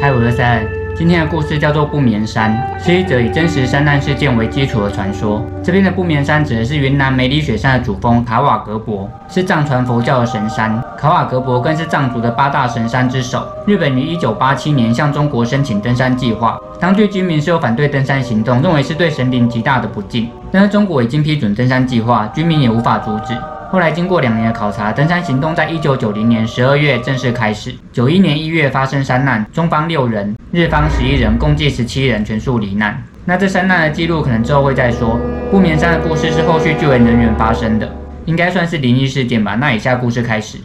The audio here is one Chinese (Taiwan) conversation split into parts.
嗨，我是塞恩。今天的故事叫做《不眠山》，是一則以真實山難事件為基礎的傳說。這邊的不眠山指的是雲南梅里雪山的主峰卡瓦格博，是藏傳佛教的神山。卡瓦格博更是藏族的八大神山之首。日本於一九八七年向中國申請登山計劃，當地居民是有反對登山行動，認為是對神靈極大的不敬。但是中國已經批准登山計劃，居民也無法阻止。後來經過兩年的考察，登山行動在一九九零年十二月正式開始。九一年一月發生山難，中方六人，日方十一人，共計十七人全數罹難。那這山難的記錄可能之後會再說。不眠山的故事是後續救援人員發生的，應該算是靈異事件吧。那以下故事開始。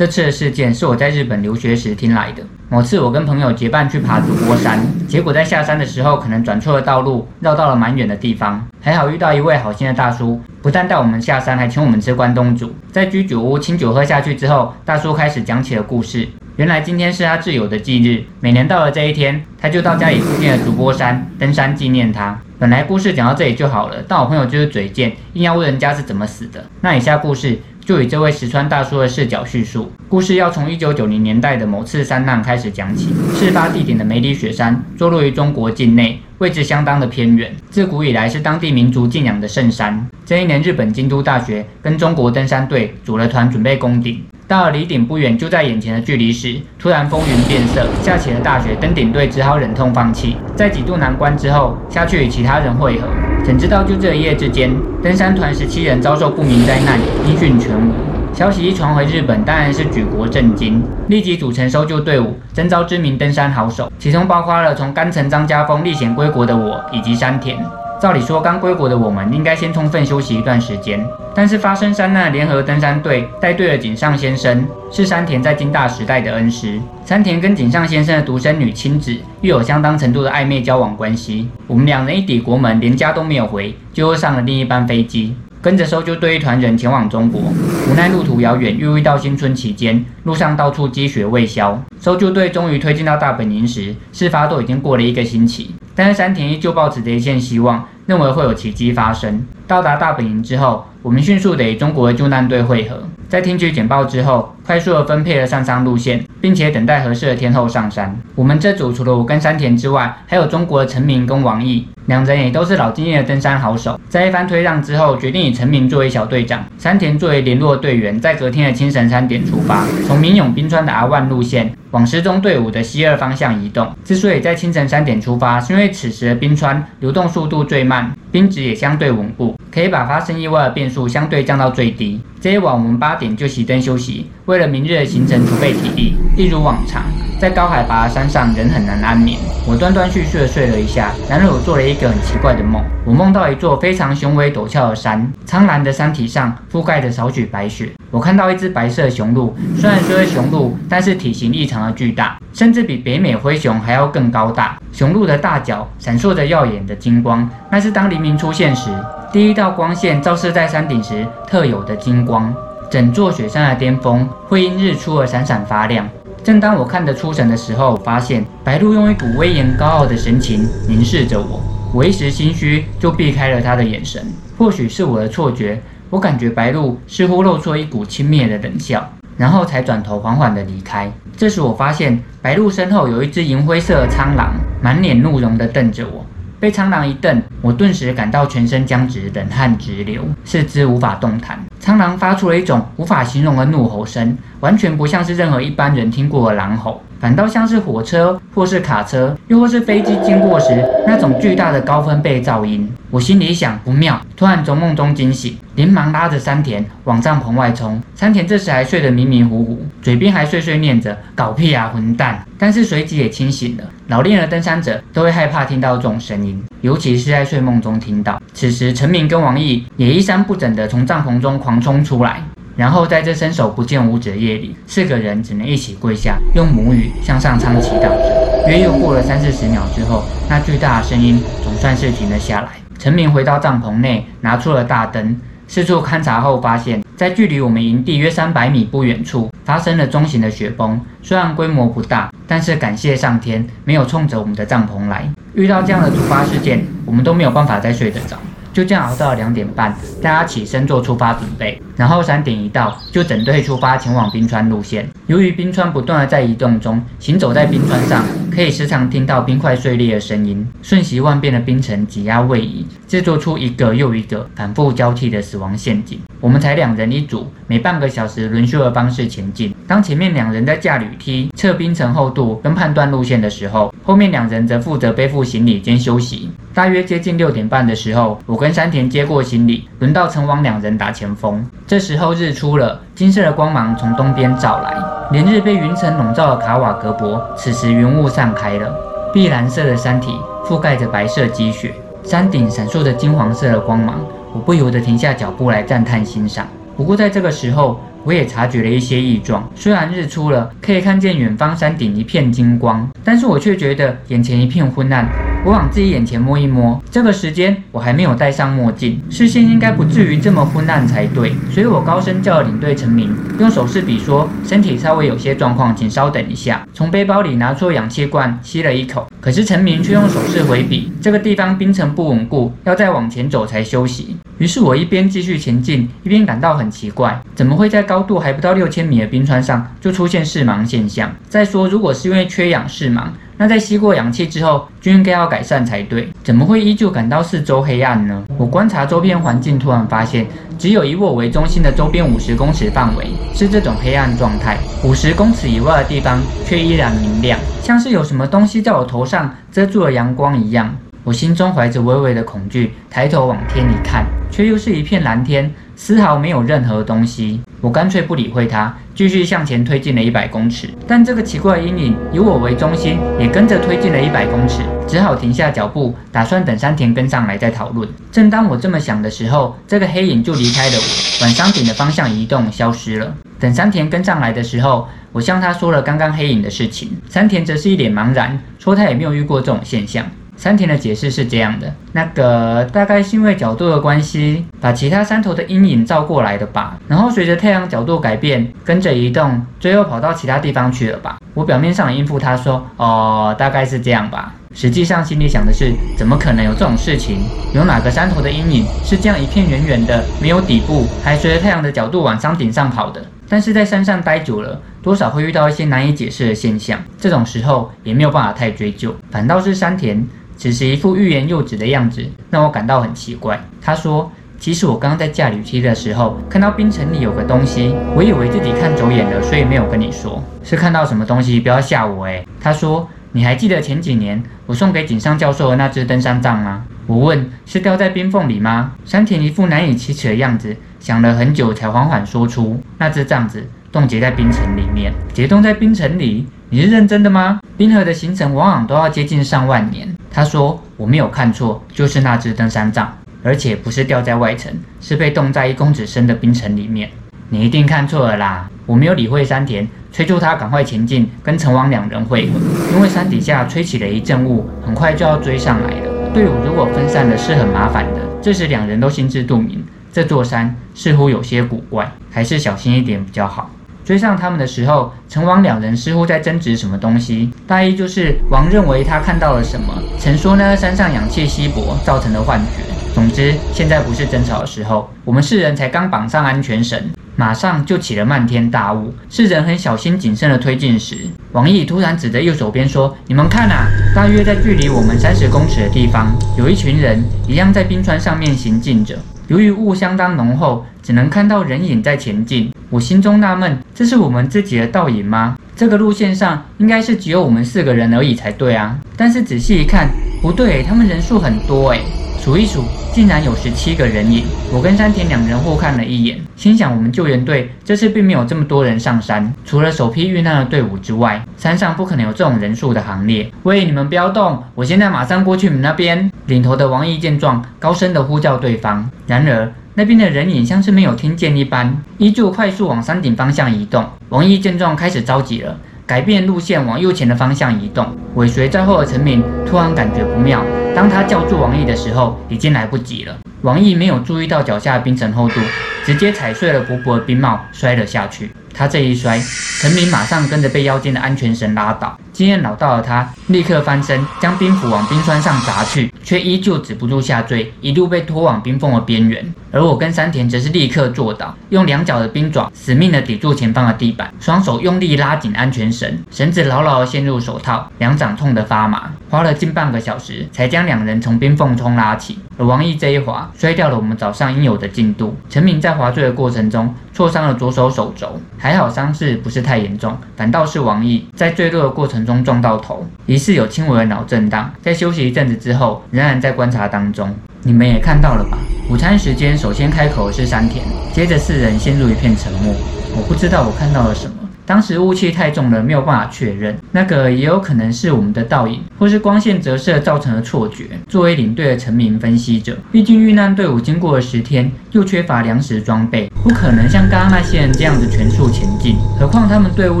這次的事件是我在日本留學時聽來的。某次我跟朋友結伴去爬筑波山，結果在下山的時候可能轉錯了道路，繞到了蠻遠的地方。還好遇到一位好心的大叔，不但帶我們下山，還請我們吃關東煮。在居酒屋清酒喝下去之後，大叔開始講起了故事。原來今天是他摯友的忌日，每年到了這一天，他就到家裡附近的筑波山登山紀念他。本來故事講到這裡就好了，但我朋友就是嘴賤，硬要問人家是怎麼死的。那以下故事。就以這位石川大叔的視角敘述故事，要從一九九零年代的某次山難開始講起。事發地點的梅里雪山坐落於中國境內，位置相當的偏遠，自古以來是當地民族敬仰的聖山。這一年，日本京都大學跟中國登山隊組了團，準備攻頂。到了離頂不遠，就在眼前的距離時，突然風雲變色，下起了大雪，登頂隊只好忍痛放棄。在幾度難關之後，下去與其他人會合。怎知道，就這一夜之間，登山團十七人遭受不明災難，音訊全無。消息一傳回日本，當然是舉國震驚，立即組成搜救隊伍，徵召知名登山好手，其中包括了從干城章嘉峰歷險歸國的我以及山田。照理說，剛歸國的我們應該先充分休息一段時間。但是，發生山難，聯合登山隊帶隊的井上先生是山田在京大時代的恩師。山田跟井上先生的獨生女青子，又有相當程度的曖昧交往關係。我們兩人一抵國門，連家都沒有回，就又上了另一班飛機，跟着搜救隊一團人前往中國。無奈路途遙遠，又遇到新春期間，路上到處積雪未消。搜救隊終於推進到大本營時，事發都已經過了一個星期。但是山田依舊抱持着一線希望。認為會有奇蹟發生。到達大本營之後，我們迅速地與中國的救難隊匯合。在聽取簡報之後，快速地分配了上山路線，並且等待合適的天候上山。我們這組除了我跟山田之外，還有中國的陳明跟王毅，兩人也都是老經驗的登山好手。在一番推讓之後，決定以陳明作為小隊長，山田作為聯絡隊員，在隔天的清晨三點出發，從明永冰川的阿萬路線往失蹤隊伍的西二方向移動。之所以在清晨三點出發，是因為此時的冰川流動速度最慢，冰值也相對穩固，可以把發生意外的變數相對降到最低。這一晚我們八點就熄燈休息。為了明日的行程，儲備體力，一如往常，在高海拔的山上，人很難安眠。我斷斷續續的睡了一下，然而我做了一個很奇怪的夢。我夢到一座非常雄偉陡峭的山，蒼藍的山體上覆蓋着少許白雪。我看到一隻白色雄鹿，雖然說是雄鹿，但是體型異常的巨大，甚至比北美灰熊還要更高大。雄鹿的大角閃爍着耀眼的金光，那是當黎明出現時，第一道光線照射在山頂時特有的金光。整座雪山的巔峰會因日出而閃閃發亮。正當我看得出神的時候，我發現白鹿用一股威嚴高傲的神情凝視着我，我一時心虛，就避開了他的眼神。或許是我的錯覺，我感覺白鹿似乎露出一股輕蔑的冷笑，然後才轉頭緩緩地離開。這時，我發現白鹿身後有一隻銀灰色的蒼狼，滿臉怒容地瞪着我。被蒼狼一瞪，我頓時感到全身僵直，冷汗直流，四肢無法動彈。蒼狼發出了一種無法形容的怒吼聲，完全不像是任何一般人聽過的狼吼，反倒像是火車或是卡車，又或是飛機經過時那種巨大的高分貝噪音。我心裡想，不妙！突然從夢中驚醒，連忙拉着山田往帳篷外沖。山田這時還睡得迷迷糊糊，嘴邊還碎碎念着“搞屁啊，混蛋”，但是隨即也清醒了。老練的登山者都會害怕聽到這種聲音，尤其是在睡夢中聽到。此時，陳明跟王毅也衣衫不整地從帳篷中狂衝出來，然後在這伸手不見五指的夜裡，四個人只能一起跪下，用母語向上蒼祈禱着。約又過了三四十秒之後，那巨大的聲音總算是停了下來。陳明回到帳篷內，拿出了大燈，四處勘察後發現，在距離我們營地約三百米不遠處發生了中型的雪崩。雖然規模不大，但是感謝上天沒有衝着我們的帳篷來。遇到這樣的突發事件，我們都沒有辦法再睡得着。就這樣熬到了兩點半，大家起身做出發準備，然後三點一到就整隊出發前往冰川路線。由於冰川不斷的在移動中，行走在冰川上可以時常聽到冰塊碎裂的聲音，瞬息萬變的冰層擠壓位移，制作出一個又一個反覆交替的死亡陷阱。我們才兩人一組，每半個小時輪休的方式前進。當前面兩人在架鋁梯、測冰層厚度跟判斷路線的時候，後面兩人則負責背負行李兼休息。大約接近六點半的時候，我跟山田接過行李，輪到成王兩人打前鋒。這時候日出了，金色的光芒從東邊照來，連日被雲層籠罩的卡瓦格博，此時雲霧散開了，碧藍色的山體覆蓋着白色積雪，山頂閃爍着金黃色的光芒，我不由得停下腳步來讚嘆欣賞。不過在這個時候。我也察覺了一些異狀，雖然日出了，可以看見遠方山頂一片金光，但是我卻覺得眼前一片昏暗。我往自己眼前摸一摸，這個時間我還沒有戴上墨鏡，視線應該不至於這麼昏暗才對。所以我高聲叫了領隊陳明，用手勢比說：“身體稍微有些狀況，請稍等一下。”從背包裡拿出氧氣罐，吸了一口。可是陳明卻用手勢回比：“這個地方冰層不穩固，要再往前走才休息。”於是，我一邊繼續前進，一邊感到很奇怪：怎麼會在高度還不到六千米的冰川上就出現視盲現象？再說，如果是因為缺氧視盲，那在吸過氧氣之後就應該要改善才對，怎麼會依舊感到四周黑暗呢？我觀察周邊環境，突然發現只有以我為中心的周邊五十公尺範圍是這種黑暗狀態，五十公尺以外的地方卻依然明亮，像是有什麼東西在我頭上遮住了陽光一樣。我心中懷着微微的恐懼，抬頭往天一看，卻又是一片藍天，絲毫沒有任何東西。我乾脆不理會他，繼續向前推進了一百公尺。但這個奇怪陰影以我為中心，也跟着推進了一百公尺，只好停下腳步，打算等山田跟上來再討論。正當我這麼想的時候，這個黑影就離開了我，往山頂的方向移動，消失了。等山田跟上來的時候，我向他說了剛剛黑影的事情，山田則是一臉茫然，說他也沒有遇過這種現象。山田的解釋是這樣的：那個大概是因為角度的關係，把其他山頭的陰影照過來的吧。然後隨着太陽角度改變，跟着移動，最後跑到其他地方去了吧。我表面上應付他說：“哦，大概是這樣吧。”實際上心裡想的是：怎麼可能有這種事情？有哪個山頭的陰影是這樣一片圓圓的，沒有底部，還隨着太陽的角度往山頂上跑的？但是在山上待久了，多少會遇到一些難以解釋的現象。這種時候也沒有辦法太追究，反倒是山田。只是一副欲言又止的樣子，讓我感到很奇怪。他說：“其實我剛剛在駕旅梯的時候，看到冰層裡有個東西，我以為自己看走眼了，所以沒有跟你說。是看到什麼東西？不要嚇我、欸！”誒！他說：“你還記得前幾年我送給井上教授的那只登山杖嗎？”我問：“是掉在冰縫裡嗎？”山田一副難以啟齒的樣子，想了很久才緩緩說出：“那只杖子。”凍結在冰層裡面，結凍在冰層裡，你是認真的嗎？冰河的形成往往都要接近上萬年。他說：“我沒有看錯，就是那只登山杖，而且不是掉在外層，是被凍在一公尺深的冰層裡面。你一定看錯了啦！”我沒有理會山田，催促他趕快前進，跟成王兩人會合，因為山底下吹起了一陣霧，很快就要追上來了。隊伍如果分散了是很麻煩的。這時兩人都心知肚明，這座山似乎有些古怪，還是小心一點比較好。追上他們的時候，成王兩人似乎在爭執什麼東西。大意就是王認為他看到了什麼，曾說呢山上氧氣稀薄造成的幻覺。總之，現在不是爭吵的時候。我們四人才剛綁上安全繩，馬上就起了漫天大霧。四人很小心謹慎地推進時，王毅突然指着右手邊說：“你們看吶、啊，大約在距離我們三十公尺的地方，有一群人，一樣在冰川上面行進着。”由於霧相當濃厚，只能看到人影在前進。我心中納悶：這是我們自己的倒影嗎？這個路線上應該是只有我們四個人而已才對啊！但是仔細一看，不對欸，他們人數很多哎欸。數一數，竟然有十七個人影。我跟山田兩人互看了一眼，心想：我們救援隊這次並沒有這麼多人上山，除了首批遇難的隊伍之外，山上不可能有這種人數的行列。喂，你們不要動，我現在馬上過去你們那邊。領頭的王毅見狀，高聲的呼叫對方。然而那邊的人影像是沒有聽見一般，依舊快速往山頂方向移動。王毅見狀開始着急了，改變路線往右前的方向移動。尾隨在後的陳敏突然感覺不妙。當他叫住王毅的時候，已經來不及了。王毅沒有注意到腳下的冰層厚度，直接踩碎了薄薄的冰帽，摔了下去。他這一摔，陳明馬上跟着被腰間的安全繩拉倒。經驗老道的他立刻翻身，將冰斧往冰川上砸去，卻依舊止不住下墜，一路被拖往冰縫的邊緣。而我跟山田則是立刻坐倒，用兩腳的冰爪死命的抵住前方的地板，雙手用力拉緊安全繩，繩子牢牢的陷入手套，兩掌痛得發麻。花了近半個小時，才將兩人從冰縫中拉起。而王毅這一滑摔掉了我們早上應有的進度。陳明在滑墜的過程中挫傷了左手手肘，還好傷勢不是太嚴重。反倒是王毅在墜落的過程中撞到頭，疑似有輕微的腦震盪，在休息一陣子之後仍然在觀察當中。你們也看到了吧？午餐時間，首先開口的是山田，接着四人陷入一片沉默。我不知道我看到了什麼。當時霧氣太重了，沒有辦法確認那個，也有可能是我們的倒影，或是光線折射造成的錯覺。作為領隊的陳明分析者，畢竟遇難隊伍經過了十天，又缺乏糧食裝備，不可能像剛剛那些人這樣子全速前進。何況他們隊伍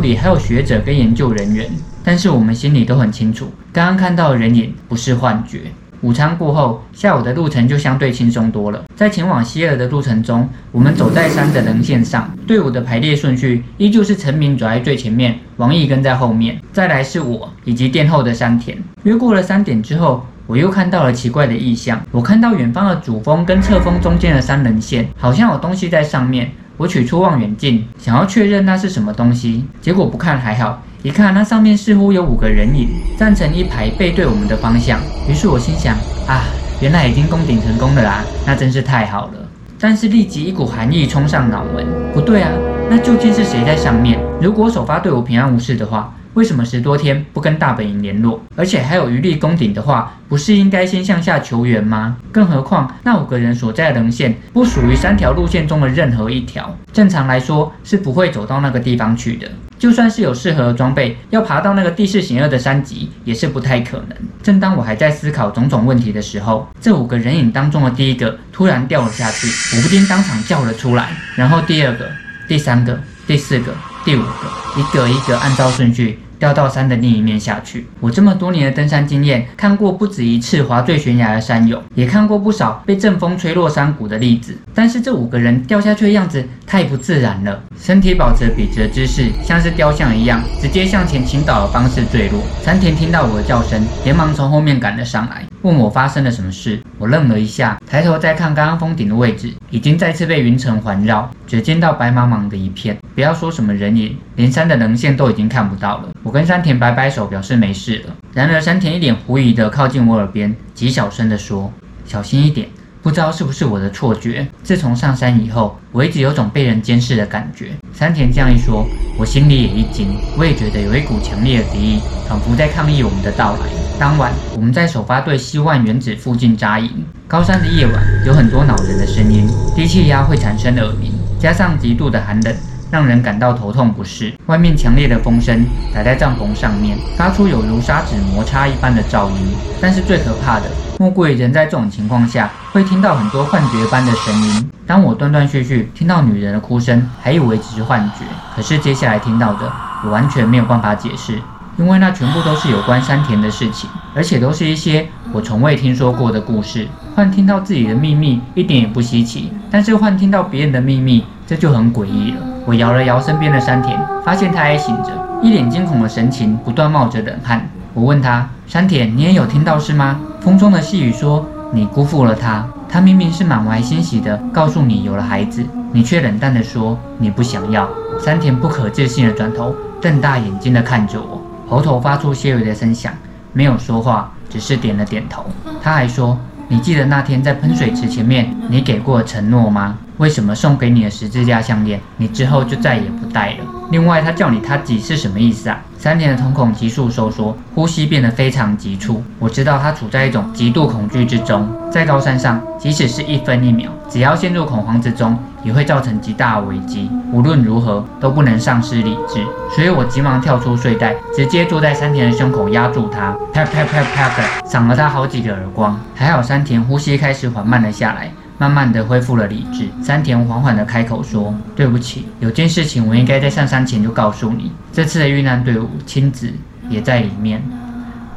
裡還有學者跟研究人員。但是我們心裡都很清楚，剛剛看到的人影不是幻覺。午餐過後，下午的路程就相對輕鬆多了。在前往希爾的路程中，我們走在山的稜線上，隊伍的排列順序依舊是陳明走在最前面，王毅跟在後面，再來是我以及殿後的山田。約過了三點之後，我又看到了奇怪的異象。我看到遠方的主峰跟側峰中間的山稜線，好像有東西在上面。我取出望遠鏡，想要確認那是什麼東西，結果不看還好。一看，那上面似乎有五個人影站成一排，背對我們的方向。於是我心想：啊，原來已經攻頂成功了啊，那真是太好了。但是立即一股寒意衝上腦門。不對啊，那究竟是誰在上面？如果首發隊伍平安無事的話，為什麼十多天不跟大本營聯絡？而且還有餘力攻頂的話，不是應該先向下求援嗎？更何況那五個人所在的稜線不屬於三條路線中的任何一條，正常來說是不會走到那個地方去的。就算是有適合的裝備，要爬到那個地勢險惡的山脊也是不太可能。正當我還在思考種種問題的時候，這五個人影當中的第一個突然掉了下去，我不禁當場叫了出來。然後第二個、第三個、第四個、第五個，一個一個按照順序。掉到山的另一面下去。我這麼多年的登山經驗，看過不止一次滑墜懸崖的山友，也看過不少被陣風吹落山谷的例子。但是這五個人掉下去的樣子太不自然了，身體保持筆直的姿勢，像是雕像一樣，直接向前傾倒的方式墜落。山田聽到我的叫聲，連忙從後面趕了上來。問我發生了什麼事，我愣了一下，抬頭再看剛剛峰頂的位置，已經再次被雲層環繞，只見到白茫茫的一片，不要說什麼人影，連山的稜線都已經看不到了。我跟山田擺擺手，表示沒事了。然而山田一臉狐疑的靠近我耳邊，極小聲的說：“小心一點。”不知道是不是我的錯覺，自從上山以後，我一直有種被人監視的感覺。山田這樣一說，我心裡也一驚，我也覺得有一股強烈的敵意，仿佛在抗議我們的到來。當晚，我們在首發隊西萬原子附近扎營。高山的夜晚有很多惱人的聲音，低氣壓會產生耳鳴，加上極度的寒冷。讓人感到頭痛不適。外面強烈的風聲打在帳篷上面，發出有如砂紙摩擦一般的噪音。但是最可怕的，莫過於人在這種情況下會聽到很多幻覺般的聲音。當我斷斷續續聽到女人的哭聲，還以為只是幻覺。可是接下來聽到的，我完全沒有辦法解釋，因為那全部都是有關山田的事情，而且都是一些我從未聽說過的故事。幻聽到自己的秘密一點也不稀奇，但是幻聽到別人的秘密，這就很詭異了。我搖了搖身邊的山田，發現他還醒着，一臉驚恐的神情，不斷冒着冷汗。我問他：“山田，你也有聽到是嗎？”風中的細雨說：“你辜負了他，他明明是滿懷欣喜的告訴你有了孩子，你卻冷淡的說你不想要。”山田不可置信的轉頭，瞪大眼睛的看着我，喉頭發出些微的聲響，沒有說話，只是點了點頭。他還說。你記得那天在噴水池前面，你給過的承諾嗎？為什麼送給你的十字架項鏈，你之後就再也不戴了？另外，他叫你他幾是什麼意思啊？山田的瞳孔急速收縮，呼吸變得非常急促。我知道他處在一種極度恐懼之中。在高山上，即使是一分一秒，只要陷入恐慌之中，也會造成極大的危機。無論如何，都不能喪失理智。所以我急忙跳出睡袋，直接坐在山田的胸口壓住他，啪啪啪啪的賞了他好幾個耳光。還好山田呼吸開始緩慢了下來。慢慢的恢復了理智，山田緩緩的開口說：“對不起，有件事情我應該在上山前就告訴你，這次的遇難隊伍，清子也在裡面，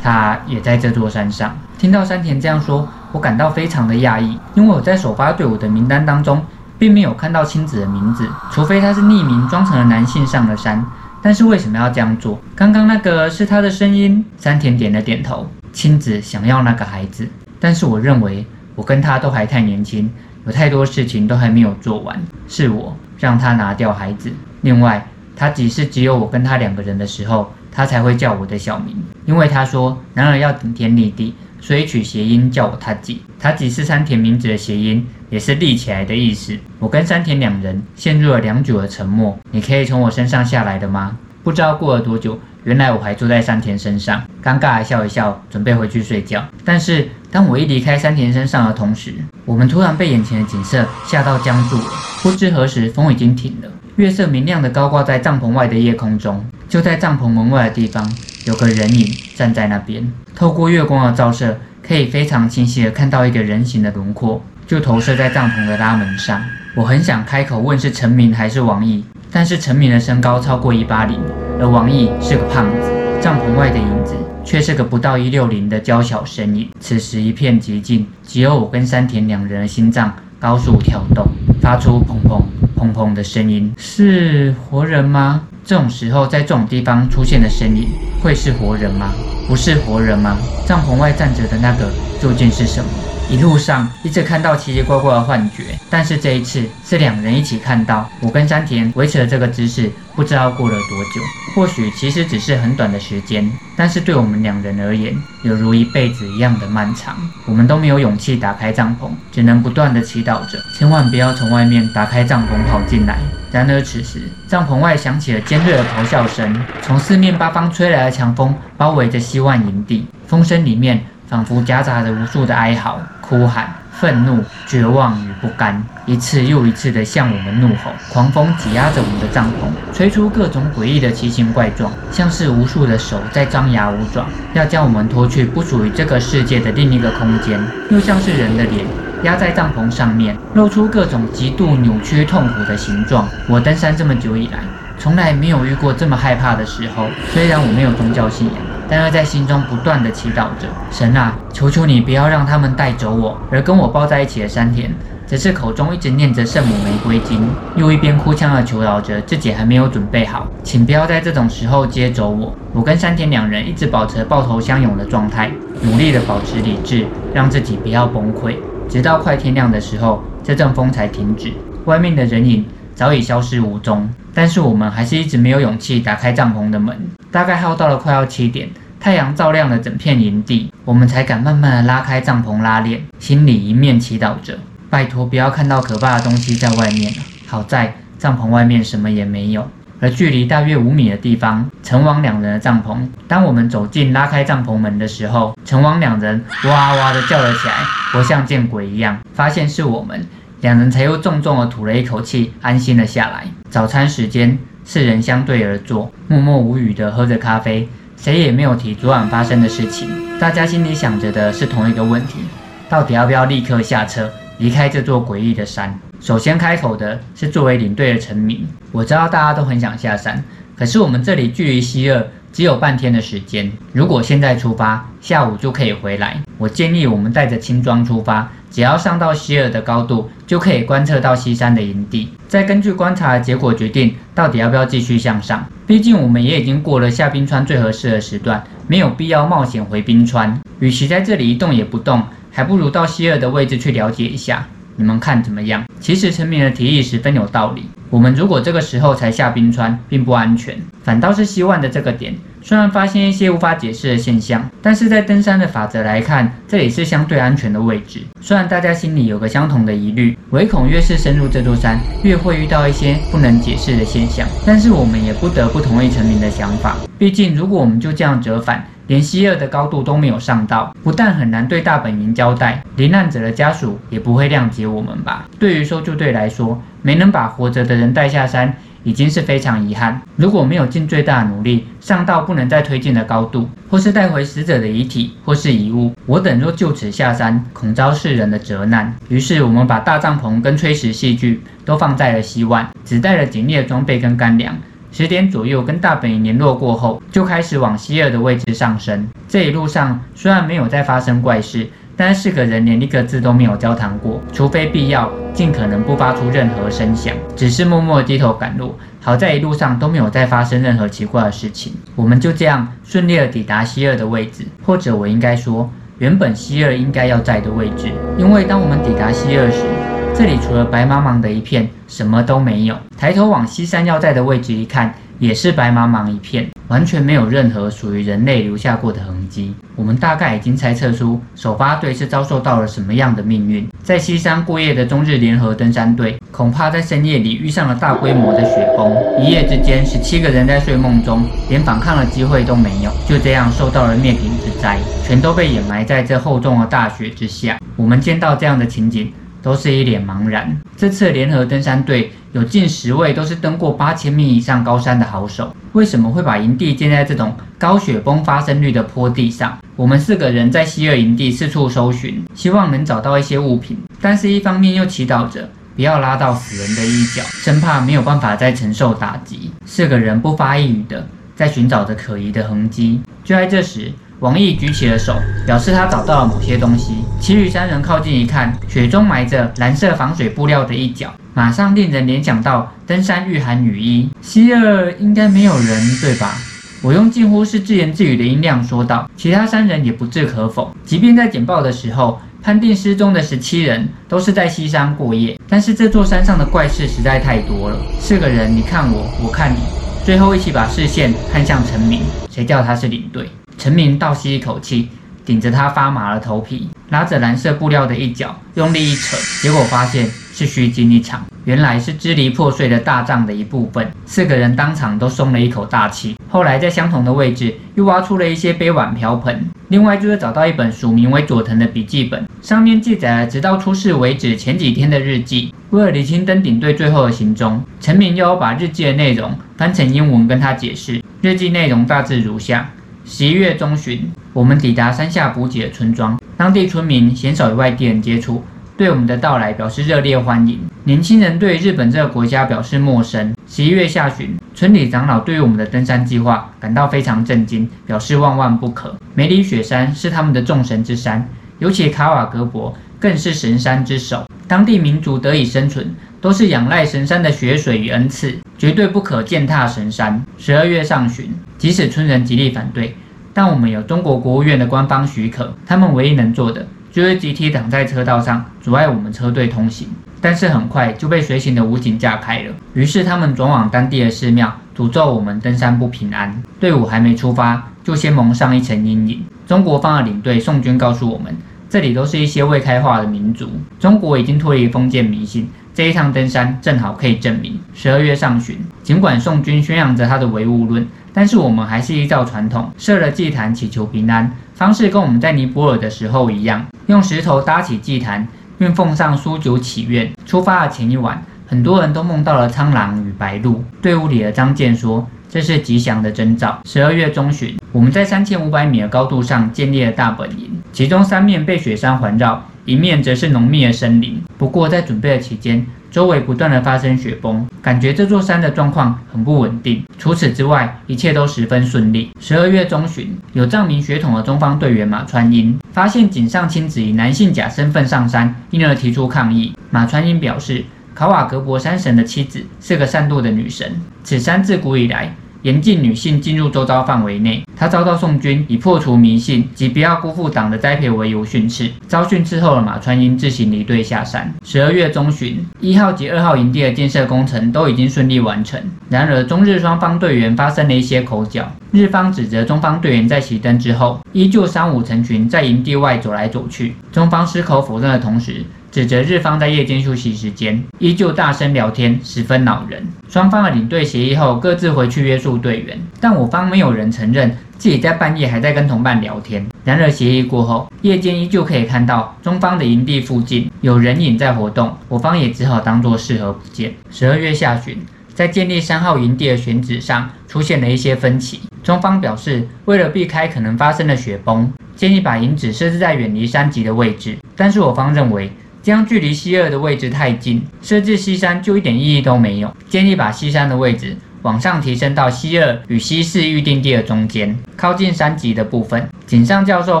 他也在這座山上。”聽到山田這樣說，我感到非常的訝異，因為我在首發隊伍的名單當中，並沒有看到清子的名字，除非他是匿名裝成了男性上了山，但是為什麼要這樣做？剛剛那個是他的聲音。山田點了點頭，清子想要那個孩子，但是我認為。我跟他都還太年輕，有太多事情都還沒有做完。是我讓他拿掉孩子。另外，他己是只有我跟他兩個人的時候，他才會叫我的小名，因為他說男兒要頂天立地，所以取諧音叫我他己。他己是山田明子的諧音，也是立起來的意思。我跟山田兩人陷入了良久的沉默。你可以從我身上下來的嗎？不知道過了多久，原來我還坐在山田身上，尷尬地笑一笑，準備回去睡覺，但是。當我一離開山田身上的同時，我們突然被眼前的景色嚇到僵住了。不知何時，風已經停了，月色明亮的高掛在帳篷外的夜空中。就在帳篷門外的地方，有個人影站在那邊。透過月光的照射，可以非常清晰地看到一個人形的輪廓，就投射在帳篷的拉門上。我很想開口問是陳明還是王毅，但是陳明的身高超過一八零，而王毅是個胖子。帳篷外的影子。卻是個不到一六零的嬌小身影。此時一片寂靜，只有我跟山田兩人的心臟高速跳動，發出砰砰砰砰的聲音。是活人嗎？這種時候，在這種地方出現的身影，會是活人嗎？不是活人嗎？帳篷外站着的那個，究竟是什麼？一路上一直看到奇奇怪怪的幻覺，但是這一次是兩人一起看到。我跟山田維持了這個姿勢，不知道過了多久，或許其實只是很短的時間，但是對我們兩人而言，有如一輩子一樣的漫長。我們都沒有勇氣打開帳篷，只能不斷的祈禱着，千萬不要從外面打開帳篷跑進來。然而此時，帳篷外響起了尖銳的咆哮聲，從四面八方吹來的強風包圍着希望營地，風聲裡面仿佛夾雜着無數的哀嚎。呼喊、憤怒、絕望與不甘，一次又一次地向我們怒吼。狂風擠壓着我們的帳篷，吹出各種詭異的奇形怪狀，像是無數的手在張牙舞爪，要將我們拖去不屬於這個世界的另一個空間；又像是人的臉壓在帳篷上面，露出各種極度扭曲、痛苦的形狀。我登山這麼久以來，從來沒有遇過這麼害怕的時候。雖然我沒有宗教信仰。但他在心中不斷地祈禱着，神啊，求求你不要讓他們帶走我。而跟我抱在一起的山田，則是口中一直念着聖母玫瑰經，又一邊哭腔的求饒着自己還沒有準備好，請不要在這種時候接走我。我跟山田兩人一直保持抱頭相擁的狀態，努力的保持理智，讓自己不要崩潰。直到快天亮的時候，這陣風才停止，外面的人影，早已消失無蹤，但是我們還是一直沒有勇氣打開帳篷的門。大概耗到了快要七點，太陽照亮了整片營地，我們才敢慢慢的拉開帳篷拉鏈，心裡一面祈禱着，拜託不要看到可怕的東西在外面。好在帳篷外面什麼也沒有。而距離大約五米的地方，成王兩人的帳篷。當我們走進拉開帳篷門的時候，成王兩人哇哇的叫了起來，活像見鬼一樣，發現是我們。兩人才又重重的吐了一口氣，安心了下來。早餐時間，四人相對而坐，默默無語的喝着咖啡，誰也沒有提昨晚發生的事情。大家心裡想着的是同一個問題：到底要不要立刻下車，離開這座詭異的山？首先開口的是作為領隊的陳明。我知道大家都很想下山，可是我們這裡距離西二。只有半天的時間，如果現在出發，下午就可以回來。我建議我們帶着輕裝出發，只要上到希爾的高度，就可以觀測到西山的營地。再根據觀察的結果決定到底要不要繼續向上。畢竟我們也已經過了下冰川最合適的時段，沒有必要冒險回冰川。與其在這裡一動也不動，還不如到希爾的位置去了解一下。你們看怎麼樣？其實陳明的提議十分有道理。我們如果這個時候才下冰川，並不安全，反倒是希望的這個點，雖然發現一些無法解釋的現象，但是在登山的法則來看，這裡是相對安全的位置。雖然大家心裡有個相同的疑慮，唯恐越是深入這座山，越會遇到一些不能解釋的現象，但是我們也不得不同意陳明的想法。畢竟，如果我們就這樣折返，連西二的高度都沒有上到，不但很難對大本營交代，罹難者的家屬也不會諒解我們吧？對於搜救隊來說，沒能把活着的人帶下山，已經是非常遺憾。如果沒有盡最大的努力上到不能再推進的高度，或是帶回死者的遺體或是遺物，我等若就此下山，恐遭世人的責難。於是，我們把大帳篷跟炊事器具都放在了西萬，只帶了簡略裝備跟乾糧。十點左右跟大本營聯絡過後，就開始往西二的位置上升。這一路上雖然沒有再發生怪事，但是四個人連一個字都沒有交談過，除非必要，盡可能不發出任何聲響，只是默默地低頭趕路。好在一路上都沒有再發生任何奇怪的事情，我們就這樣順利的抵達西二的位置，或者我應該說，原本西二應該要在的位置。因為當我們抵達西二時，這裡除了白茫茫的一片，什麼都沒有。抬頭往西山腰寨的位置一看，也是白茫茫一片，完全沒有任何屬於人類留下過的痕跡。我們大概已經猜測出首發隊是遭受到了什麼樣的命運。在西山過夜的中日聯合登山隊，恐怕在深夜裡遇上了大規模的雪崩，一夜之間十七個人在睡夢中連反抗的機會都沒有，就這樣受到了滅頂之災，全都被掩埋在這厚重的大雪之下。我們見到這樣的情景。都是一臉茫然。這次聯合登山隊有近十位都是登過八千米以上高山的好手，為什麼會把營地建在這種高雪崩發生率的坡地上？我們四個人在西二營地四處搜尋，希望能找到一些物品，但是一方面又祈禱着不要拉到死人的衣角，生怕沒有辦法再承受打擊。四個人不發一語的在尋找着可疑的痕迹。就在這時，王毅舉起了手，表示他找到了某些東西。其餘三人靠近一看，雪中埋着藍色防水布料的一角，馬上令人聯想到登山御寒雨衣。西二應該沒有人，對吧？我用近乎是自言自語的音量說道。其他三人也不置可否。即便在簡報的時候，判定失蹤的十七人都是在西山過夜，但是這座山上的怪事實在太多了。四個人，你看我，我看你，最後一起把視線看向陳明，誰叫他是領隊。陳明倒吸一口氣，頂着他發麻的頭皮，拉着藍色布料的一角，用力一扯，結果發現是虛驚一場。原來是支離破碎的大帳的一部分。四個人當場都鬆了一口大氣。後來在相同的位置又挖出了一些杯碗瓢盆，另外就是找到一本署名為佐藤的筆記本，上面記載了直到出事為止前幾天的日記。為了理清登頂隊最後的行蹤，陳明又把日記的內容翻成英文跟他解釋。日記內容大致如下。十一月中旬，我們抵達山下補給的村莊，當地村民鮮少與外地人接觸，對我們的到來表示熱烈歡迎。年輕人對日本這個國家表示陌生。十一月下旬，村裡長老對於我們的登山計劃感到非常震驚，表示萬萬不可。梅里雪山是他們的眾神之山，尤其卡瓦格博更是神山之首。當地民族得以生存，都是仰賴神山的雪水與恩賜，絕對不可踐踏神山。十二月上旬，即使村人極力反對，但我們有中國國務院的官方許可，他們唯一能做的就是集體擋在車道上，阻礙我們車隊通行。但是很快就被隨行的武警架開了。於是他們轉往當地的寺廟，詛咒我們登山不平安。隊伍還沒出發，就先蒙上一層陰影。中國方的領隊宋軍告訴我們，這裡都是一些未開化的民族，中國已經脫離封建迷信。這一趟登山正好可以證明，十二月上旬，儘管宋軍宣揚着他的唯物論，但是我們還是依照傳統設了祭壇，祈求平安。方式跟我們在尼泊爾的時候一樣，用石頭搭起祭壇，並奉上酥酒祈願。出發的前一晚，很多人都夢到了蒼狼與白鹿。隊伍裡的張健說，這是吉祥的徵兆。十二月中旬，我們在三千五百米的高度上建立了大本營，其中三面被雪山環繞。一面則是濃密的森林。不過在準備的期間，周圍不斷的發生雪崩，感覺這座山的狀況很不穩定。除此之外，一切都十分順利。十二月中旬，有藏民血統的中方隊員馬川英發現井上清子以男性假身份上山，因而提出抗議。馬川英表示，卡瓦格博山神的妻子是個善妒的女神，此山自古以來，嚴禁女性進入周遭範圍內。他遭到宋軍以破除迷信及不要辜負黨的栽培為由訓斥，遭訓斥後的馬川英自行離隊下山。十二月中旬，一號及二號營地的建設工程都已經順利完成。然而，中日雙方隊員發生了一些口角，日方指責中方隊員在熄燈之後依舊三五成群在營地外走來走去，中方矢口否認的同時指責日方在夜間休息時間依舊大聲聊天，十分惱人。雙方的領隊協議後，各自回去約束隊員，但我方沒有人承認自己在半夜還在跟同伴聊天。然而協議過後，夜間依舊可以看到中方的營地附近有人影在活動，我方也只好當作視而不見。十二月下旬，在建立三號營地的選址上出現了一些分歧。中方表示，為了避開可能發生的雪崩，建議把營址設置在遠離山脊的位置，但是我方認為，將距離西二的位置太近，設置西三就一點意義都沒有。建議把西三的位置往上提升到西二與西四預定地的中間，靠近山脊的部分。井上教授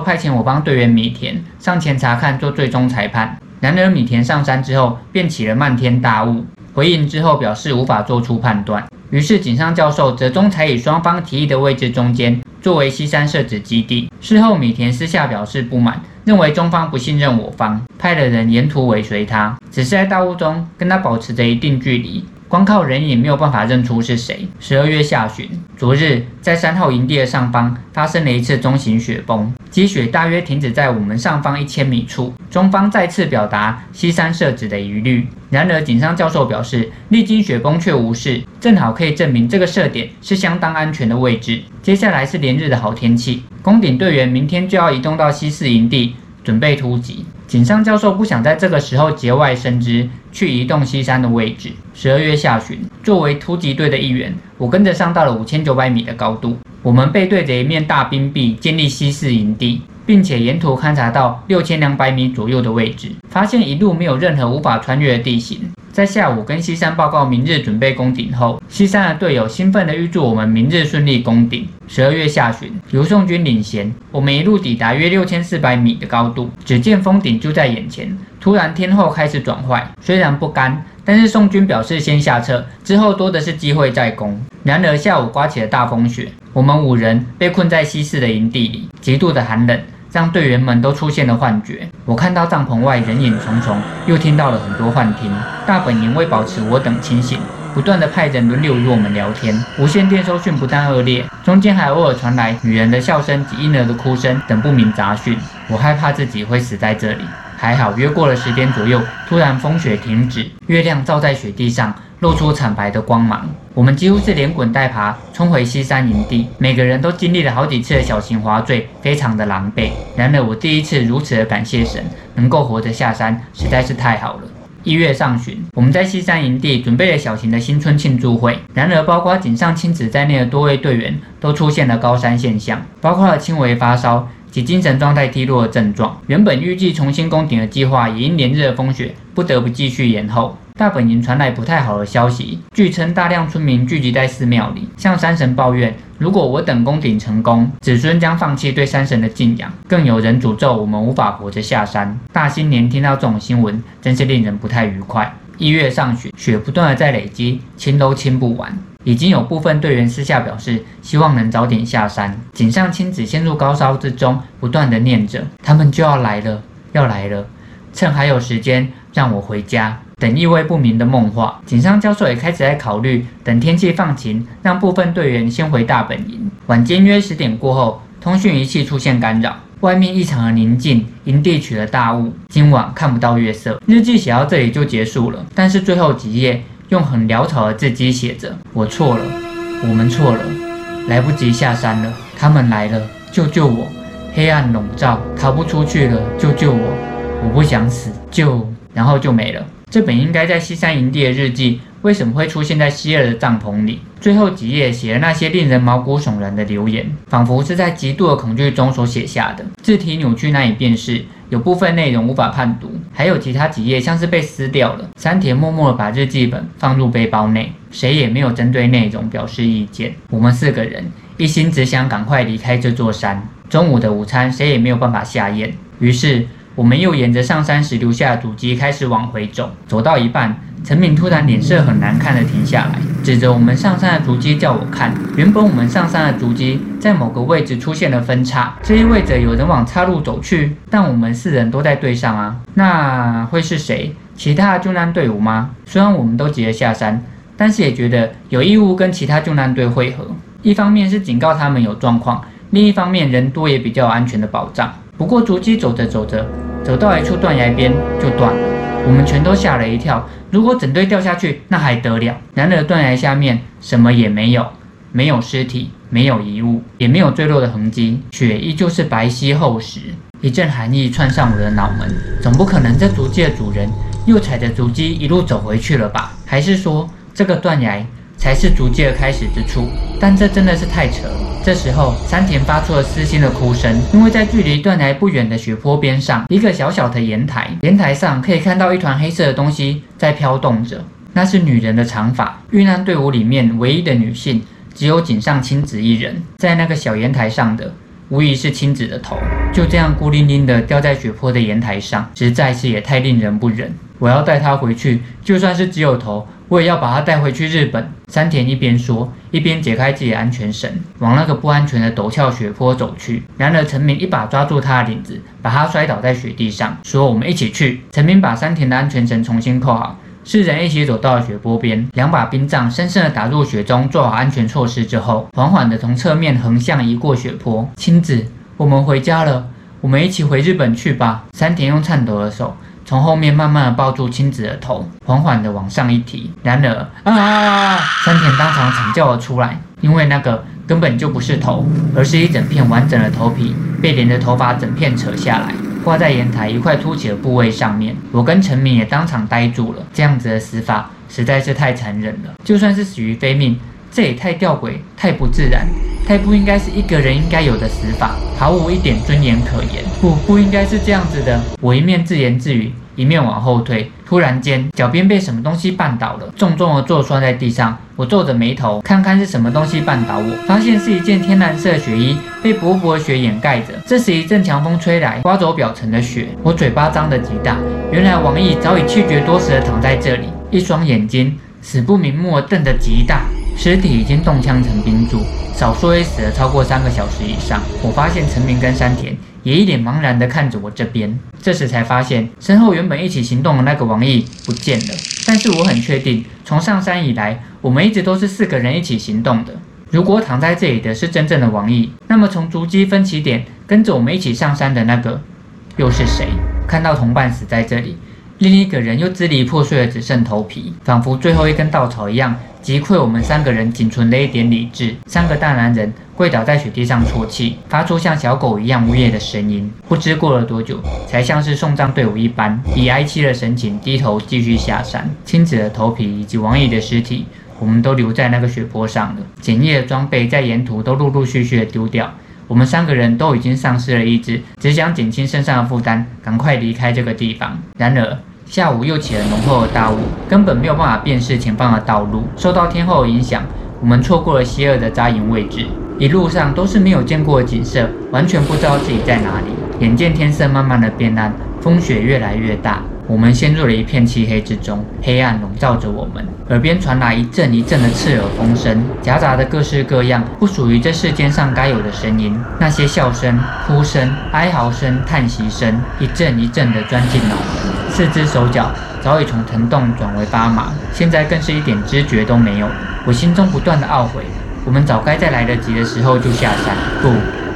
派遣我方隊員米田上前查看，做最終裁判。然而米田上山之後，便起了漫天大霧，回營之後表示無法做出判斷。於是井上教授折中，才以雙方提議的位置中間作為西三設置基地。事後米田私下表示不滿。認為中方不信任我方，派了人沿途尾隨他，只是在大霧中跟他保持着一定距離。光靠人影也沒有辦法認出是誰。十二月下旬，昨日在三號營地的上方發生了一次中型雪崩，積雪大約停止在我們上方一千米處。中方再次表達西山設置的疑慮。然而，井上教授表示，歷經雪崩卻無事，正好可以證明這個設點是相當安全的位置。接下來是連日的好天氣，攻頂隊員明天就要移動到西四營地準備突擊。井上教授不想在這個時候節外生枝。去移動西山的位置。十二月下旬，作為突擊隊的一員，我跟着上到了五千九百米的高度。我們背對着一面大冰壁建立西四營地，並且沿途勘察到六千兩百米左右的位置，發現一路沒有任何無法穿越的地形。在下午跟西山報告明日準備攻頂後，西山的隊友興奮地預祝我們明日順利攻頂。十二月下旬，由宋軍領銜，我們一路抵達約六千四百米的高度，只見峰頂就在眼前。突然，天候開始轉壞，雖然不甘，但是宋軍表示先下車，之後多的是機會再攻。然而下午颳起了大風雪，我們五人被困在西四的營地裡，極度的寒冷，讓隊員們都出現了幻覺。我看到帳篷外人影重重，又聽到了很多幻聽。大本營為保持我等清醒，不斷地派人輪流與我們聊天。無線電收訊不但惡劣，中間還偶爾傳來女人的笑聲及嬰兒的哭聲等不明雜訊。我害怕自己會死在這裡。還好約過了十天左右，突然風雪停止，月亮照在雪地上。露出慘白的光芒，我們幾乎是連滾帶爬衝回西山營地，每個人都經歷了好幾次的小型滑墜，非常的狼狽。然而，我第一次如此的感謝神，能夠活着下山實在是太好了。一月上旬，我們在西山營地準備了小型的新春慶祝會，然而，包括井上清子在內的多位隊員都出現了高山現象，包括了輕微發燒及精神狀態低落的症狀。原本預計重新攻頂的計劃，也因連日的風雪不得不繼續延後。大本營傳來不太好的消息，據稱大量村民聚集在寺廟裡，向山神抱怨：“如果我等攻頂成功，子孫將放棄對山神的敬仰。”更有人詛咒我們無法活着下山。大新年聽到這種新聞，真是令人不太愉快。一月上旬，雪不斷地在累積，清都清不完。已經有部分隊員私下表示，希望能早點下山。井上親子陷入高燒之中，不斷地念着：“他們就要來了，要來了，趁還有時間，讓我回家。”等意味不明的夢話，井上教授也開始在考慮等天氣放晴，讓部分隊員先回大本營。晚間約十點過後，通訊儀器出現干擾，外面異常的寧靜，營地起了大霧，今晚看不到月色。日記寫到這裡就結束了，但是最後幾頁用很潦草的字跡寫着：“我錯了，我們錯了，來不及下山了，他們來了，救救我！黑暗籠罩，逃不出去了，救救我！我不想死，救……然後就沒了。”這本應該在西山營地的日記，為什麼會出現在西二的帳篷裡？最後幾頁寫了那些令人毛骨悚然的留言，仿佛是在極度的恐懼中所寫下的，字體扭曲難以辨識。那裡便是有部分內容無法判讀，還有其他幾頁像是被撕掉了。山田默默地把日記本放入背包內，誰也沒有針對內容表示意見。我們四個人一心只想趕快離開這座山。中午的午餐誰也沒有辦法下咽，於是。我們又沿着上山時留下的足迹開始往回走，走到一半，陳明突然臉色很難看的停下來，指着我們上山的足迹叫我看。原本我們上山的足迹在某個位置出現了分叉，這意味着有人往岔路走去。但我們四人都在隊上啊，那會是誰？其他的救難隊伍嗎？雖然我們都急著下山，但是也覺得有義務跟其他救難隊會合。一方面是警告他們有狀況，另一方面人多也比較有安全的保障。不過足跡走着走着，走到一處斷崖邊就斷了，我們全都嚇了一跳。如果整隊掉下去，那還得了？然而斷崖下面什麼也沒有，沒有屍體，沒有遺物，也沒有墜落的痕跡，雪依舊是白皙厚實。一陣寒意竄上我的腦門，總不可能這足跡的主人又踩着足跡一路走回去了吧？還是說這個斷崖？才是足跡的開始之處，但這真的是太扯了。這時候，山田發出了撕心的哭聲，因為在距離斷崖不遠的雪坡邊上，一個小小的岩台，岩台上可以看到一團黑色的東西在飄動着，那是女人的長髮。遇難隊伍裡面唯一的女性，只有井上清子一人，在那個小岩台上的，無疑是清子的頭，就這樣孤零零的掉在雪坡的岩台上，實在是也太令人不忍。我要帶她回去，就算是只有頭。我也要把他帶回去日本。山田一邊說，一邊解開自己的安全繩，往那個不安全的陡峭雪坡走去。然而陳明一把抓住他的領子，把他摔倒在雪地上，說：“我們一起去。”陳明把山田的安全繩重新扣好，四人一起走到了雪坡邊，兩把冰杖深深地打入雪中，做好安全措施之後，緩緩地從側面橫向移過雪坡。青子，我們回家了，我們一起回日本去吧。山田用顫抖的手。從後面慢慢的抱住青子的頭，緩緩的往上一提。然而啊，山、啊啊啊、田當場慘叫了出來，因為那個根本就不是頭，而是一整片完整的頭皮被連着頭髮整片扯下來，掛在岩台一塊凸起的部位上面。我跟陳敏也當場呆住了，這樣子的死法實在是太殘忍了，就算是死於非命，這也太弔詭、太不自然、太不應該是一個人應該有的死法，毫無一點尊嚴可言。不，不應該是這樣子的。我一面自言自語，一面往後退，突然間腳邊被什麼東西絆倒了，重重的坐摔在地上。我皺着眉頭，看看是什麼東西絆倒我，發現是一件天藍色的雪衣被薄薄的雪掩蓋着。這時一陣強風吹來，颳走表層的雪，我嘴巴張得極大。原來王毅早已氣絕多時的躺在這裡，一雙眼睛死不瞑目，而瞪得極大。屍體已經凍僵成冰柱，少說也死了超過三個小時以上。我發現陳明跟山田也一臉茫然地看着我這邊，這時才發現身後原本一起行動的那個王毅不見了。但是我很確定，從上山以來，我們一直都是四個人一起行動的。如果躺在這裡的是真正的王毅，那麼從足跡分歧點跟着我們一起上山的那個又是誰？看到同伴死在這裡，另一個人又支離破碎的只剩頭皮，仿佛最後一根稻草一樣。擊潰我們三個人僅存的一點理智，三個大男人跪倒在雪地上啜泣，發出像小狗一樣嗚咽的聲音。不知過了多久，才像是送葬隊伍一般，以哀戚的神情低頭繼續下山。親子的頭皮以及王毅的屍體，我們都留在那個雪坡上了。簡易的裝備在沿途都陸陸續續的丟掉，我們三個人都已經喪失了意志，只想減輕身上的負擔，趕快離開這個地方。然而。下午又起了濃厚的大霧，根本沒有辦法辨識前方的道路。受到天候的影響，我們錯過了 C2 的紮營位置。一路上都是沒有見過的景色，完全不知道自己在哪裡。眼見天色慢慢的變暗，風雪越來越大，我們陷入了一片漆黑之中，黑暗籠罩着我們，耳邊傳來一陣一陣的刺耳風聲，夾雜着各式各樣不屬於這世間上該有的聲音，那些笑聲、哭聲、哀嚎聲、嘆息聲，一陣一陣的鑽進腦門。四肢手腳早已從疼痛轉為發麻，現在更是一點知覺都沒有。我心中不斷的懊悔，我們早該在來得及的時候就下山。不，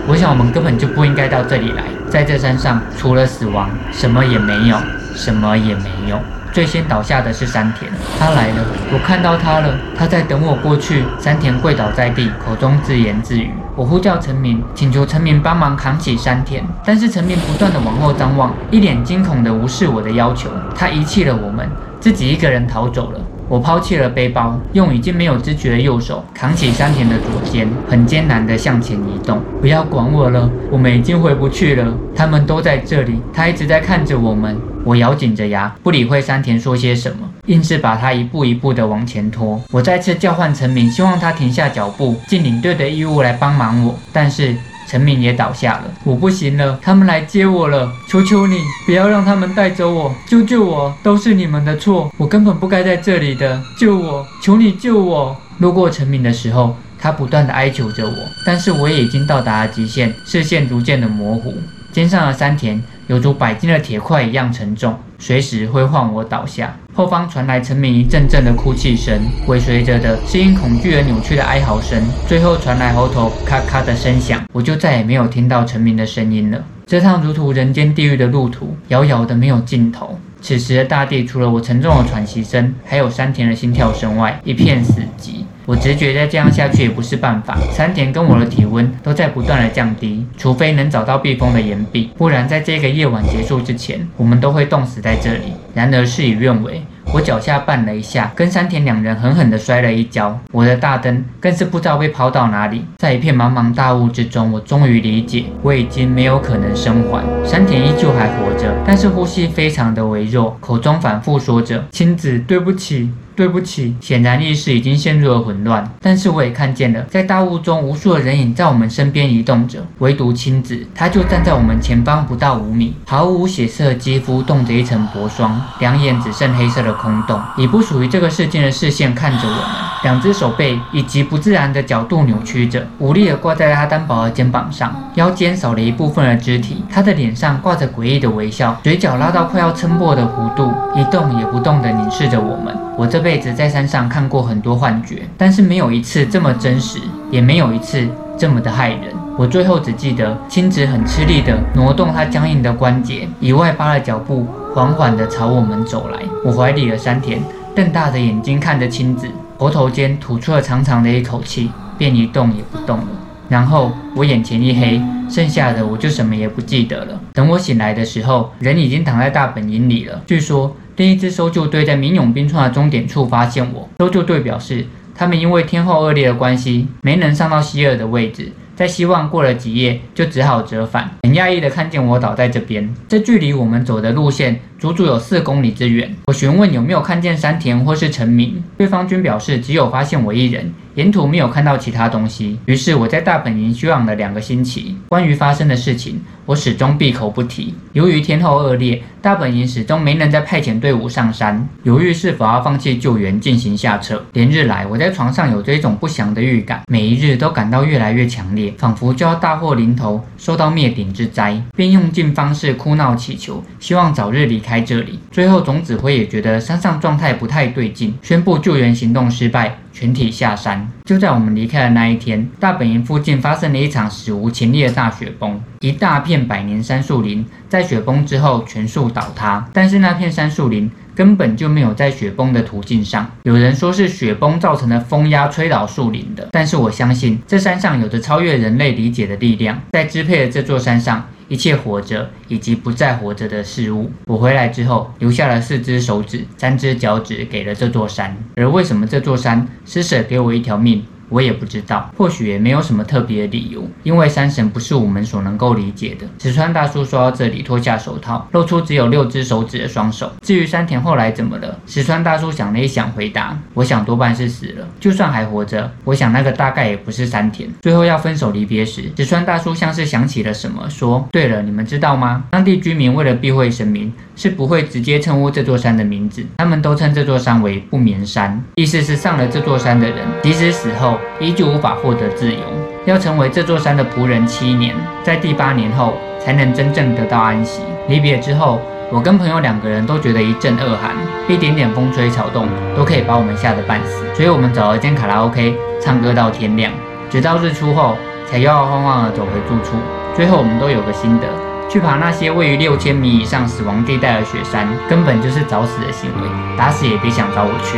我想我們根本就不應該到這裡來。在這山上，除了死亡，什麼也沒有，什麼也沒有。最先倒下的是山田，他來了，我看到他了，他在等我過去。山田跪倒在地，口中自言自語。我呼叫陳明，請求陳明幫忙扛起山田，但是陳明不斷地往後張望，一臉驚恐地無視我的要求。他遺棄了我們，自己一個人逃走了。我拋棄了背包，用已經沒有知覺的右手扛起山田的左肩，很艱難地向前移動。不要管我了，我們已經回不去了。他們都在這裡，他一直在看着我們。我咬緊着牙，不理會山田說些什麼，硬是把他一步一步的往前拖。我再次叫喚陳敏，希望他停下腳步，盡領隊的義務來幫忙我。但是陳敏也倒下了，我不行了，他們來接我了，求求你不要讓他們帶走我，救救我，都是你們的錯，我根本不該在這裡的，救我，求你救我。路過陳敏的時候，他不斷的哀求着我，但是我也已經到達了極限，視線逐漸的模糊，肩上了山田。有如百斤的鐵塊一樣沉重，隨時會晃我倒下。後方傳來陳明一陣陣的哭泣聲，尾隨着的是因恐懼而扭曲的哀嚎聲，最後傳來喉頭咔咔的聲響。我就再也沒有聽到陳明的聲音了。這趟如同人間地獄的路途，遙遙的沒有盡頭。此時的大地，除了我沉重的喘息聲，還有山田的心跳聲外，一片死寂。我直覺再這樣下去也不是辦法，山田跟我的體溫都在不斷的降低，除非能找到避風的岩壁，不然在這個夜晚結束之前，我們都會凍死在這裡。然而事與願違，我腳下絆了一下，跟山田兩人狠狠地摔了一跤，我的大燈更是不知道被拋到哪裡，在一片茫茫大霧之中，我終於理解，我已經沒有可能生還。山田依舊還活着，但是呼吸非常的微弱，口中反覆說着：“親子，對不起。”對不起，顯然意識已經陷入了混亂，但是我也看見了，在大霧中，無數的人影在我們身邊移動着，唯獨青子，他就站在我們前方不到五米，毫無血色，肌膚凍着一層薄霜，兩眼只剩黑色的空洞，以不屬於這個世界的視線看着我們。兩隻手背以極不自然的角度扭曲着，無力地掛在他單薄的肩膀上，腰間少了一部分的肢體。他的臉上掛着詭異的微笑，嘴角拉到快要撐破的弧度，一動也不動地凝視着我們。我這輩子在山上看過很多幻覺，但是沒有一次這麼真實，也沒有一次這麼的害人。我最後只記得清子很吃力地挪動他僵硬的關節，以外八的腳步，緩緩地朝我們走來。我懷裡的山田瞪大着眼睛看着清子。喉頭間吐出了長長的一口氣，便一動也不動了。然後我眼前一黑，剩下的我就什麼也不記得了。等我醒來的時候，人已經躺在大本營裡了。據說另一支搜救隊在明永冰川的終點處發現我。搜救隊表示，他們因為天候惡劣的關係，沒能上到希爾的位置，在希望過了幾夜，就只好折返。很訝異的看見我倒在這邊，這距離我們走的路線足足有四公里之遠。我詢問有沒有看見山田或是陳明，對方均表示只有發現我一人，沿途沒有看到其他東西。於是我在大本營休養了兩個星期。關於發生的事情，我始終閉口不提。由於天候惡劣，大本營始終沒能再派遣隊伍上山，猶豫是否要放棄救援進行下撤。連日來，我在床上有着一種不祥的預感，每一日都感到越來越強烈，仿佛就要大禍臨頭，受到滅頂之災，並用盡方式哭鬧祈求，希望早日離。開這裡，最後總指揮也覺得山上狀態不太對勁，宣布救援行動失敗，全體下山。就在我們離開的那一天，大本營附近發生了一場史無前例的大雪崩，一大片百年杉樹林在雪崩之後全數倒塌，但是那片杉樹林。根本就沒有在雪崩的途徑上。有人說是雪崩造成的風壓吹倒樹林的，但是我相信這山上有着超越人類理解的力量，在支配了這座山上一切活着以及不再活着的事物。我回來之後，留下了四隻手指，三隻腳趾給了這座山。而為什麼這座山施捨給我一條命？我也不知道，或許也沒有什麼特別的理由，因為山神不是我們所能夠理解的。石川大叔說到這裡，脫下手套，露出只有六隻手指的雙手。至於山田後來怎麼了，石川大叔想了一想，回答：“我想多半是死了。就算還活着，我想那個大概也不是山田。”最後要分手離別時，石川大叔像是想起了什麼，說：“對了，你們知道嗎？當地居民為了避諱神明，是不會直接稱呼這座山的名字，他們都稱這座山為不眠山，意思是上了這座山的人，即使死後，”依舊無法獲得自由，要成為這座山的僕人七年，在第八年後才能真正得到安息。離別之後，我跟朋友兩個人都覺得一陣惡寒，一點點風吹草動都可以把我們嚇得半死，所以我們找了間卡拉 OK，唱歌到天亮，直到日出後才搖搖晃晃地走回住處。最後我們都有個心得：去爬那些位於六千米以上死亡地帶的雪山，根本就是找死的行為，打死也別想找我去。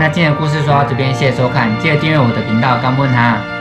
那今天的故事說到這邊，謝謝收看，記得訂閱我的頻道“鋼木論